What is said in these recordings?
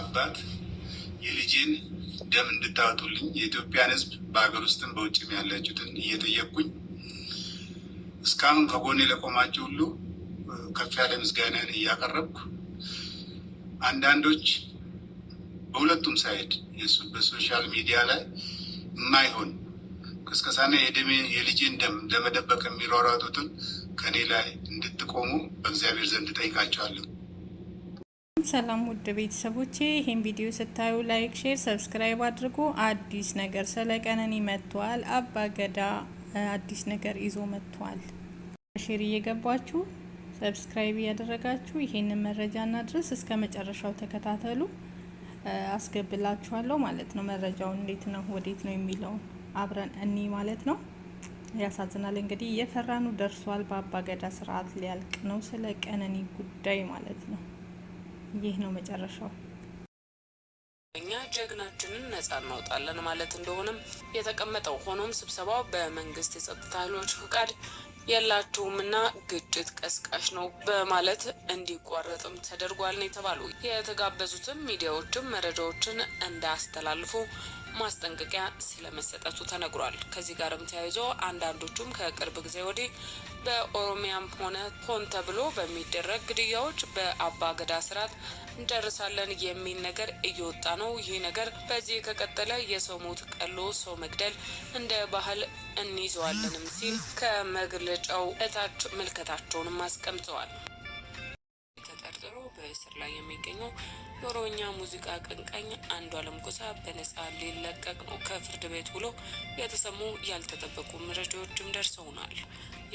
አባት የልጄን ደም እንድታወጡልኝ የኢትዮጵያን ሕዝብ በሀገር ውስጥም በውጭም ያላችሁትን እየጠየቅኩኝ እስካሁን ከጎኔ ለቆማችሁ ሁሉ ከፍ ያለ ምስጋናን እያቀረብኩ አንዳንዶች በሁለቱም ሳይድ በሶሻል ሚዲያ ላይ የማይሆን ቅስቀሳና የልጄን ደም ለመደበቅ የሚሯሯጡትን ከኔ ላይ እንድትቆሙ በእግዚአብሔር ዘንድ ጠይቃቸዋለሁ። ሰላም ውድ ቤተሰቦቼ፣ ይህን ቪዲዮ ስታዩ ላይክ፣ ሼር፣ ሰብስክራይብ አድርጎ አዲስ ነገር ስለ ቀነኒ መጥቷል። አባ ገዳ አዲስ ነገር ይዞ መጥቷል። ሼር እየገባችሁ ሰብስክራይብ እያደረጋችሁ ይሄንን መረጃና ድረስ እስከ መጨረሻው ተከታተሉ። አስገብላችኋለሁ ማለት ነው። መረጃው እንዴት ነው ወዴት ነው የሚለውን አብረን እኒ ማለት ነው። ያሳዝናል እንግዲህ የፈራኑ ደርሷል። በአባገዳ ስርዓት ሊያልቅ ነው ስለ ቀነኒ ጉዳይ ማለት ነው። ይህ ነው መጨረሻው። እኛ ጀግናችንን ነጻ እናውጣለን ማለት እንደሆነም የተቀመጠው። ሆኖም ስብሰባው በመንግስት የጸጥታ ኃይሎች ፍቃድ የላችሁም ግጭት ቀስቃሽ ነው በማለት እንዲቋረጥም ተደርጓል ነው የተባሉ። የተጋበዙትም ሚዲያዎችም መረጃዎችን እንዳያስተላልፉ ማስጠንቀቂያ ስለመሰጠቱ ተነግሯል። ከዚህ ጋርም ተያይዞ አንዳንዶቹም ከቅርብ ጊዜ ወዲህ በኦሮሚያም ሆነ ሆን ተብሎ በሚደረግ ግድያዎች በአባ ገዳ ስርዓት እንጨርሳለን የሚል ነገር እየወጣ ነው። ይህ ነገር በዚህ ከቀጠለ የሰው ሞት ቀሎ ሰው መግደል እንደ ባህል እንይዘዋለንም ሲል ከመግለጫው እታች ምልከታቸውንም አስቀምጠዋል። ስር ላይ የሚገኘው የኦሮምኛ ሙዚቃ አቀንቃኝ አንዷለም ጎሳ በነጻ ሊለቀቅ ነው። ከፍርድ ቤት ውሎ የተሰሙ ያልተጠበቁ መረጃዎችም ደርሰውናል።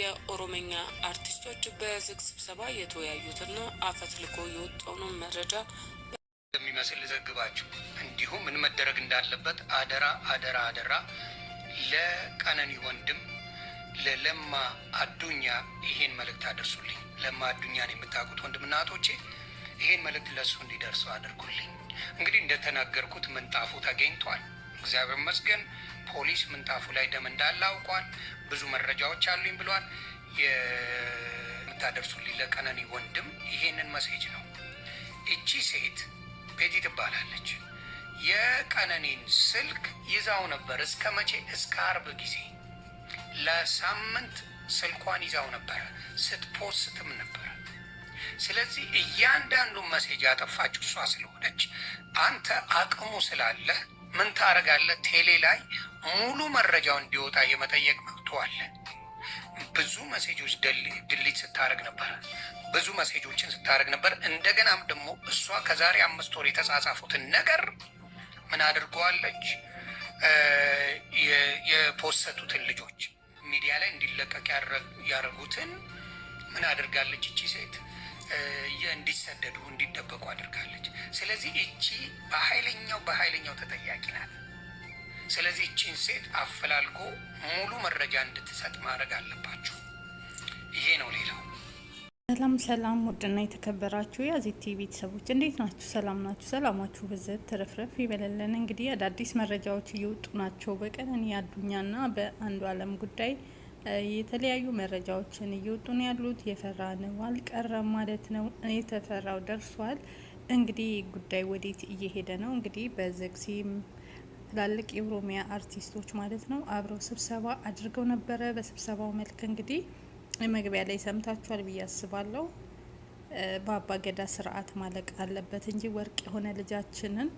የኦሮምኛ አርቲስቶች በዝግ ስብሰባ የተወያዩትና አፈትልኮ የወጣውን መረጃ የሚመስል ዘግባችሁ እንዲሁም ምን መደረግ እንዳለበት አደራ አደራ አደራ ለቀነኒ ወንድም ለለማ አዱኛ ይሄን መልእክት አደርሱልኝ። ለማ አዱኛን የምታውቁት ወንድምና እህቶቼ ይሄን መልእክት ለእሱ እንዲደርሰው አድርጉልኝ። እንግዲህ እንደተናገርኩት ምንጣፉ ተገኝቷል። እግዚአብሔር ይመስገን። ፖሊስ ምንጣፉ ላይ ደም እንዳለ አውቋል። ብዙ መረጃዎች አሉኝ ብሏል። የምታደርሱልኝ ለቀነኒ ወንድም ይሄንን መሴጅ ነው። እቺ ሴት ቤቲ ትባላለች። የቀነኒን ስልክ ይዛው ነበር። እስከ መቼ? እስከ አርብ ጊዜ ለሳምንት ስልኳን ይዛው ነበረ። ስትፖስትም ነበረ ስለዚህ እያንዳንዱን መሴጅ ያጠፋችው እሷ ስለሆነች አንተ አቅሙ ስላለህ ምን ታደርጋለህ? ቴሌ ላይ ሙሉ መረጃው እንዲወጣ የመጠየቅ መብት አለ። ብዙ መሴጆች ድሊት ስታደርግ ነበር፣ ብዙ መሴጆችን ስታደርግ ነበር። እንደገናም ደግሞ እሷ ከዛሬ አምስት ወር የተጻጻፉትን ነገር ምን አድርገዋለች? የፖሰቱትን ልጆች ሚዲያ ላይ እንዲለቀቅ ያደረጉትን ምን አድርጋለች? እቺ ሴት እንዲሰደዱ እንዲደበቁ አድርጋለች። ስለዚህ እቺ በኃይለኛው በኃይለኛው ተጠያቂ ናት። ስለዚህ እቺን ሴት አፈላልጎ ሙሉ መረጃ እንድትሰጥ ማድረግ አለባቸው። ይሄ ነው ሌላው። ሰላም ሰላም፣ ውድና የተከበራችሁ ቲቪ ቤተሰቦች እንዴት ናችሁ? ሰላም ናችሁ? ሰላማችሁ ብዝት ትረፍረፍ ይበለለን። እንግዲህ አዳዲስ መረጃዎች እየወጡ ናቸው። በቀነኒ አዱኛና በአንዱ አለም ጉዳይ የተለያዩ መረጃዎችን እየወጡ ነው ያሉት። ነው አልቀረም ማለት ነው። የተፈራው ደርሷል። እንግዲህ ጉዳይ ወዴት እየሄደ ነው? እንግዲህ በዘግሲም ትላልቅ የኦሮሚያ አርቲስቶች ማለት ነው አብረው ስብሰባ አድርገው ነበረ። በስብሰባው መልክ እንግዲህ መግቢያ ላይ ሰምታችኋል ብዬ አስባለሁ። በአባገዳ ስርዓት ማለቅ አለበት እንጂ ወርቅ የሆነ ልጃችንን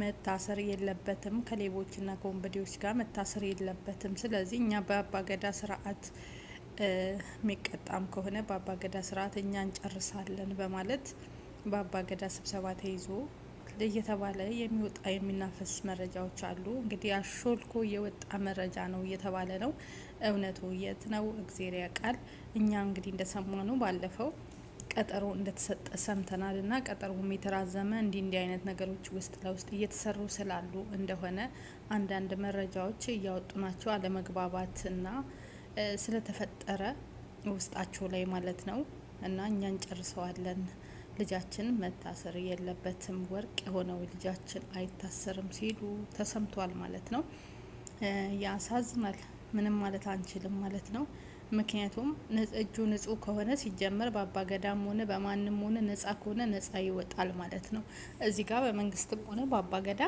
መታሰር የለበትም፣ ከሌቦችና ከወንበዴዎች ጋር መታሰር የለበትም። ስለዚህ እኛ በአባገዳ ስርዓት የሚቀጣም ከሆነ በአባገዳ ስርዓት እኛ እንጨርሳለን በማለት በአባገዳ ስብሰባ ተይዞ እየተባለ የሚወጣ የሚናፈስ መረጃዎች አሉ። እንግዲህ አሾልኮ የወጣ መረጃ ነው እየተባለ ነው። እውነቱ የት ነው? እግዜር ያውቃል። እኛ እንግዲህ እንደሰማኑ ባለፈው ቀጠሮ እንደተሰጠ ሰምተናል እና ቀጠሮም የተራዘመ እንዲህ እንዲህ አይነት ነገሮች ውስጥ ለውስጥ እየተሰሩ ስላሉ እንደሆነ አንዳንድ መረጃዎች እያወጡ ናቸው። አለመግባባት እና ስለተፈጠረ ውስጣቸው ላይ ማለት ነው እና እኛ እንጨርሰዋለን፣ ልጃችን መታሰር የለበትም፣ ወርቅ የሆነው ልጃችን አይታሰርም ሲሉ ተሰምቷል ማለት ነው። ያሳዝናል። ምንም ማለት አንችልም ማለት ነው። ምክንያቱም እጁ ንጹህ ከሆነ ሲጀመር በአባገዳም ሆነ በማንም ሆነ ነጻ ከሆነ ነጻ ይወጣል ማለት ነው። እዚህ ጋር በመንግስትም ሆነ በአባገዳ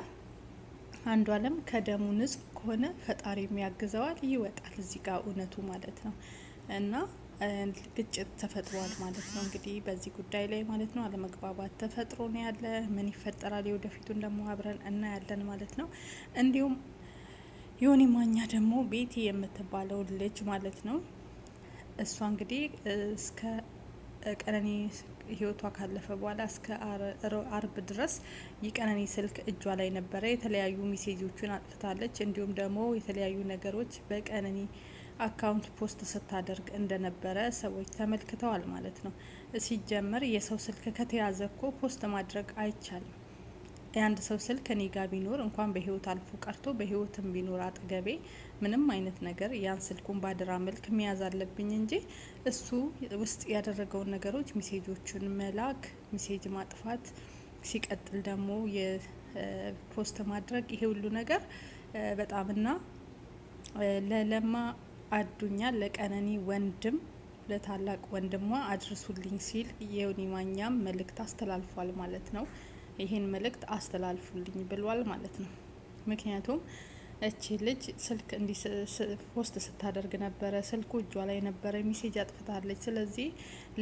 አንዱ አለም ከደሙ ንጹህ ከሆነ ፈጣሪ የሚያግዘዋል ይወጣል። እዚህ ጋር እውነቱ ማለት ነው እና ግጭት ተፈጥሯል ማለት ነው። እንግዲህ በዚህ ጉዳይ ላይ ማለት ነው አለመግባባት ተፈጥሮ ነው ያለ። ምን ይፈጠራል? የወደፊቱን ደግሞ አብረን እናያለን ማለት ነው። እንዲሁም ዮኒ ማኛ ደግሞ ቤቲ የምትባለው ልጅ ማለት ነው እሷ እንግዲህ እስከ ቀነኒ ህይወቷ ካለፈ በኋላ እስከ አርብ ድረስ የቀነኒ ስልክ እጇ ላይ ነበረ። የተለያዩ ሚሴጆቹን አጥፍታለች። እንዲሁም ደግሞ የተለያዩ ነገሮች በቀነኒ አካውንት ፖስት ስታደርግ እንደነበረ ሰዎች ተመልክተዋል ማለት ነው። ሲጀመር የሰው ስልክ ከተያዘ እኮ ፖስት ማድረግ አይቻልም። የአንድ ሰው ስልክ እኔ ጋር ቢኖር እንኳን በህይወት አልፎ ቀርቶ በህይወትም ቢኖር አጠገቤ ምንም አይነት ነገር ያን ስልኩን ባደራ መልክ መያዝ አለብኝ እንጂ እሱ ውስጥ ያደረገውን ነገሮች ሚሴጆቹን መላክ፣ ሚሴጅ ማጥፋት፣ ሲቀጥል ደግሞ የፖስት ማድረግ ይሄ ሁሉ ነገር በጣምና ለለማ አዱኛ ለቀነኒ ወንድም ለታላቅ ወንድሟ አድርሱልኝ ሲል የኒማኛም መልእክት አስተላልፏል ማለት ነው። ይህን መልእክት አስተላልፉልኝ ብሏል ማለት ነው። ምክንያቱም እቺ ልጅ ስልክ እንዲ ፖስት ስታደርግ ነበረ፣ ስልኩ እጇ ላይ ነበረ፣ ሚሴጅ አጥፍታለች። ስለዚህ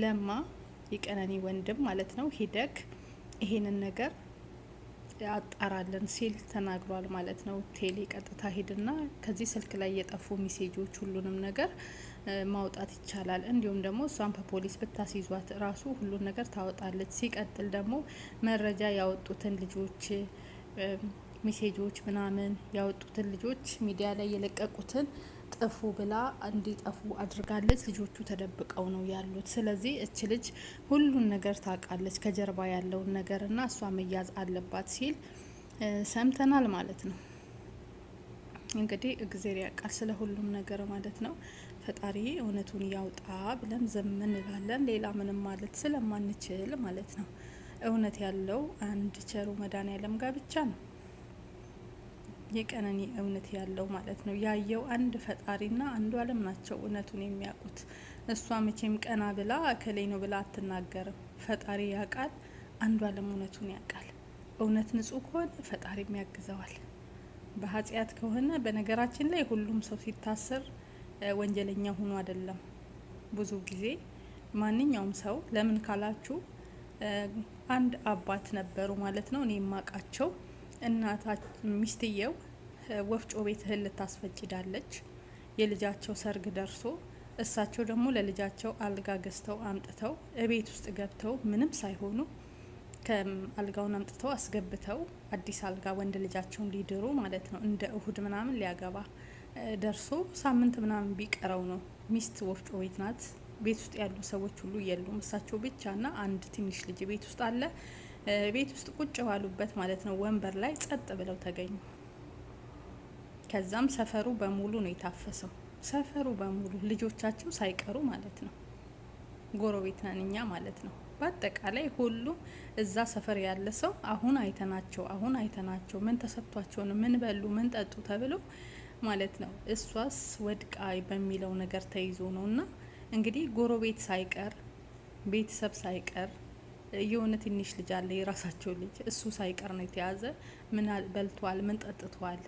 ለማ የቀነኒ ወንድም ማለት ነው ሂደግ ይሄንን ነገር አጣራለን ሲል ተናግሯል ማለት ነው። ቴሌ ቀጥታ ሂድና ከዚህ ስልክ ላይ የጠፉ ሚሴጆች ሁሉንም ነገር ማውጣት ይቻላል። እንዲሁም ደግሞ እሷን በፖሊስ ብታስይዟት ራሱ ሁሉን ነገር ታወጣለች። ሲቀጥል ደግሞ መረጃ ያወጡትን ልጆች ሜሴጆች ምናምን ያወጡትን ልጆች ሚዲያ ላይ የለቀቁትን ጥፉ ብላ እንዲጠፉ አድርጋለች። ልጆቹ ተደብቀው ነው ያሉት። ስለዚህ እች ልጅ ሁሉን ነገር ታውቃለች፣ ከጀርባ ያለውን ነገር እና እሷ መያዝ አለባት ሲል ሰምተናል ማለት ነው። እንግዲህ እግዜር ያውቃል ስለ ሁሉም ነገር ማለት ነው። ፈጣሪ እውነቱን ያውጣ ብለን ዘመን እንላለን። ሌላ ምንም ማለት ስለማንችል ማለት ነው። እውነት ያለው አንድ ቸሩ መድኃኔዓለም ጋር ብቻ ነው። የቀነኒ እውነት ያለው ማለት ነው። ያየው አንድ ፈጣሪና አንዱ ዓለም ናቸው እውነቱን የሚያውቁት። እሷ መቼም ቀና ብላ እከሌ ነው ብላ አትናገርም። ፈጣሪ ያውቃል፣ አንዱ ዓለም እውነቱን ያውቃል። እውነት ንጹህ ከሆነ ፈጣሪም ያግዘዋል። በኃጢአት ከሆነ በነገራችን ላይ ሁሉም ሰው ሲታሰር ወንጀለኛ ሆኖ አይደለም። ብዙ ጊዜ ማንኛውም ሰው ለምን ካላችሁ አንድ አባት ነበሩ ማለት ነው። እኔ የማውቃቸው እናታ ሚስትየው ወፍጮ ቤት እህል ልታስፈጭዳለች። የልጃቸው ሰርግ ደርሶ እሳቸው ደግሞ ለልጃቸው አልጋ ገዝተው አምጥተው እቤት ውስጥ ገብተው ምንም ሳይሆኑ ከአልጋውን አምጥተው አስገብተው አዲስ አልጋ ወንድ ልጃቸውን ሊድሩ ማለት ነው። እንደ እሁድ ምናምን ሊያገባ ደርሶ ሳምንት ምናምን ቢቀረው ነው። ሚስት ወፍጮ ቤት ናት። ቤት ውስጥ ያሉ ሰዎች ሁሉ የሉም። እሳቸው ብቻና አንድ ትንሽ ልጅ ቤት ውስጥ አለ። ቤት ውስጥ ቁጭ ባሉበት ማለት ነው ወንበር ላይ ጸጥ ብለው ተገኙ። ከዛም ሰፈሩ በሙሉ ነው የታፈሰው። ሰፈሩ በሙሉ ልጆቻቸው ሳይቀሩ ማለት ነው። ጎረቤት ነን እኛ ማለት ነው። በአጠቃላይ ሁሉም እዛ ሰፈር ያለ ሰው አሁን አይተናቸው አሁን አይተናቸው ምን ተሰጥቷቸው ነው ምን በሉ ምን ጠጡ ተብሎ ማለት ነው። እሷስ ወድቃ በሚለው ነገር ተይዞ ነው እና እንግዲህ ጎረቤት ሳይቀር ቤተሰብ ሳይቀር የሆነ ትንሽ ልጅ አለ የራሳቸው ልጅ እሱ ሳይቀር ነው የተያዘ። ምን በልቷል፣ ምን ጠጥቷል፣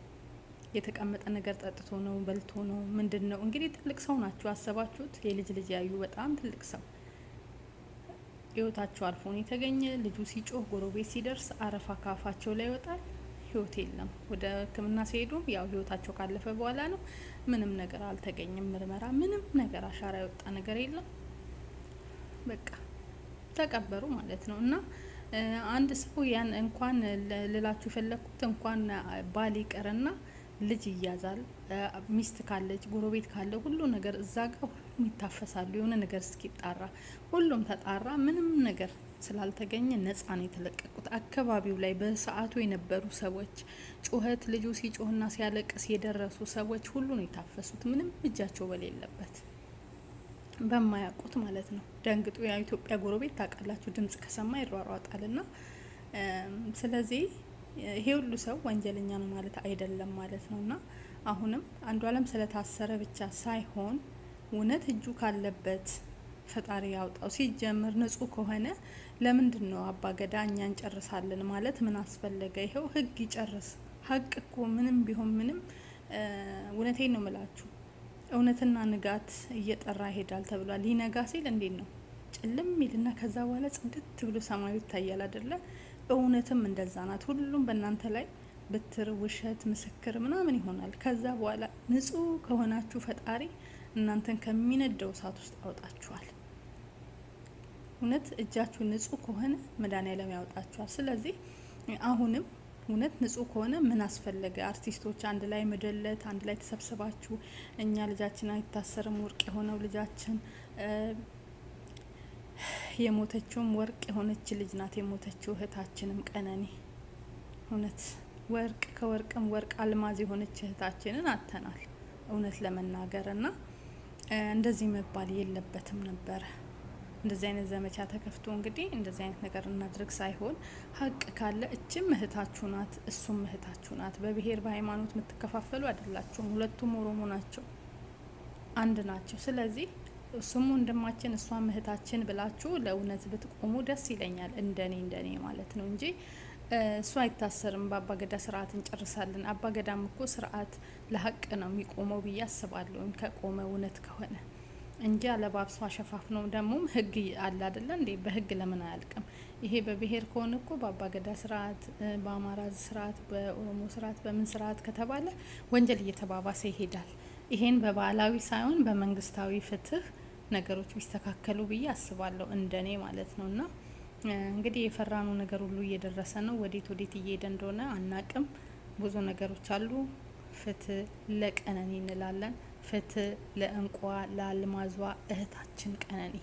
የተቀመጠ ነገር ጠጥቶ ነው በልቶ ነው ምንድን ነው እንግዲህ። ትልቅ ሰው ናቸው አሰባችሁት፣ የልጅ ልጅ ያዩ በጣም ትልቅ ሰው ህይወታቸው አልፎ ነው የተገኘ። ልጁ ሲጮህ ጎረቤት ሲደርስ አረፋ ካፋቸው ላይ ይወጣል። ህይወት የለም። ወደ ህክምና ሲሄዱም ያው ህይወታቸው ካለፈ በኋላ ነው። ምንም ነገር አልተገኘም። ምርመራ፣ ምንም ነገር አሻራ የወጣ ነገር የለም። በቃ ተቀበሩ ማለት ነው እና አንድ ሰው ያን እንኳን ልላችሁ የፈለግኩት እንኳን ባል ይቅርና ልጅ ይያዛል፣ ሚስት ካለች ጎረቤት ካለ ሁሉ ነገር እዛ ጋር ሁሉም ይታፈሳሉ። የሆነ ነገር እስኪጣራ ሁሉም ተጣራ። ምንም ነገር ስላልተገኘ ነጻ ነው የተለቀቁት። አካባቢው ላይ በሰዓቱ የነበሩ ሰዎች ጩኸት፣ ልጁ ሲጮህና ሲያለቅስ የደረሱ ሰዎች ሁሉ ነው የታፈሱት። ምንም እጃቸው በሌለበት በማያውቁት ማለት ነው። ደንግጡ የኢትዮጵያ ጎረቤት ታውቃላችሁ፣ ድምጽ ከሰማ ይሯሯጣልና ስለዚህ ይሄ ሁሉ ሰው ወንጀለኛ ነው ማለት አይደለም ማለት ነው። እና አሁንም አለም ስለታሰረ ብቻ ሳይሆን እውነት እጁ ካለበት ፈጣሪ ያውጣው። ሲጀምር ንጹህ ከሆነ ለምንድን ነው አባገዳ እኛ እንጨርሳለን ማለት ምን አስፈለገ? ይኸው ህግ ይጨርስ። ሀቅ እኮ ምንም ቢሆን ምንም፣ እውነቴን ነው ምላችሁ፣ እውነትና ንጋት እየጠራ ይሄዳል ተብሏል። ሊነጋ ሲል እንዴት ነው ጭልም ይልና ከዛ በኋላ ጽድት ብሎ ሰማዩ ይታያል አይደለም? እውነትም እንደዛ ናት። ሁሉም በእናንተ ላይ ብትር፣ ውሸት፣ ምስክር ምናምን ይሆናል። ከዛ በኋላ ንጹህ ከሆናችሁ ፈጣሪ እናንተን ከሚነደው እሳት ውስጥ ያወጣችኋል። እውነት እጃችሁ ንጹህ ከሆነ መድኃኒዓለም ያወጣችኋል። ስለዚህ አሁንም እውነት ንጹህ ከሆነ ምን አስፈለገ? አርቲስቶች አንድ ላይ መደለት፣ አንድ ላይ ተሰብስባችሁ እኛ ልጃችን አይታሰርም ወርቅ የሆነው ልጃችን የሞተችውም ወርቅ የሆነች ልጅ ናት። የሞተችው እህታችንም ቀነኒ እውነት ወርቅ ከወርቅም ወርቅ አልማዝ የሆነች እህታችንን አጥተናል። እውነት ለመናገር እና እንደዚህ መባል የለበትም ነበረ። እንደዚህ አይነት ዘመቻ ተከፍቶ እንግዲህ እንደዚህ አይነት ነገር እናድርግ ሳይሆን ሀቅ ካለ እችም እህታችሁ ናት፣ እሱም እህታችሁ ናት። በብሔር በሃይማኖት የምትከፋፈሉ አይደላችሁም። ሁለቱም ኦሮሞ ናቸው፣ አንድ ናቸው። ስለዚህ ስሙ ወንድማችን እሷም እህታችን ብላችሁ ለእውነት ብትቆሙ ደስ ይለኛል። እንደኔ እንደኔ ማለት ነው እንጂ እሱ አይታሰርም። በአባገዳ ስርዓት እንጨርሳለን። አባገዳም እኮ ስርዓት ለሀቅ ነው የሚቆመው ብዬ አስባለሁ፣ ከቆመ እውነት ከሆነ እንጂ አለባብሶ አሸፋፍ ነው። ደግሞም ህግ አለ አደለ እንዴ? በህግ ለምን አያልቅም? ይሄ በብሄር ከሆነ እኮ በአባገዳ ስርዓት፣ በአማራ ስርዓት፣ በኦሮሞ ስርዓት፣ በምን ስርዓት ከተባለ ወንጀል እየተባባሰ ይሄዳል። ይሄን በባህላዊ ሳይሆን በመንግስታዊ ፍትህ ነገሮች ቢስተካከሉ ብዬ አስባለሁ እንደኔ ማለት ነው እና እንግዲህ የፈራኑ ነገር ሁሉ እየደረሰ ነው። ወዴት ወዴት እየሄደ እንደሆነ አናቅም። ብዙ ነገሮች አሉ። ፍትህ ለቀነኒ እንላለን። ፍትህ ለእንቋ ለአልማዟ እህታችን ቀነኒ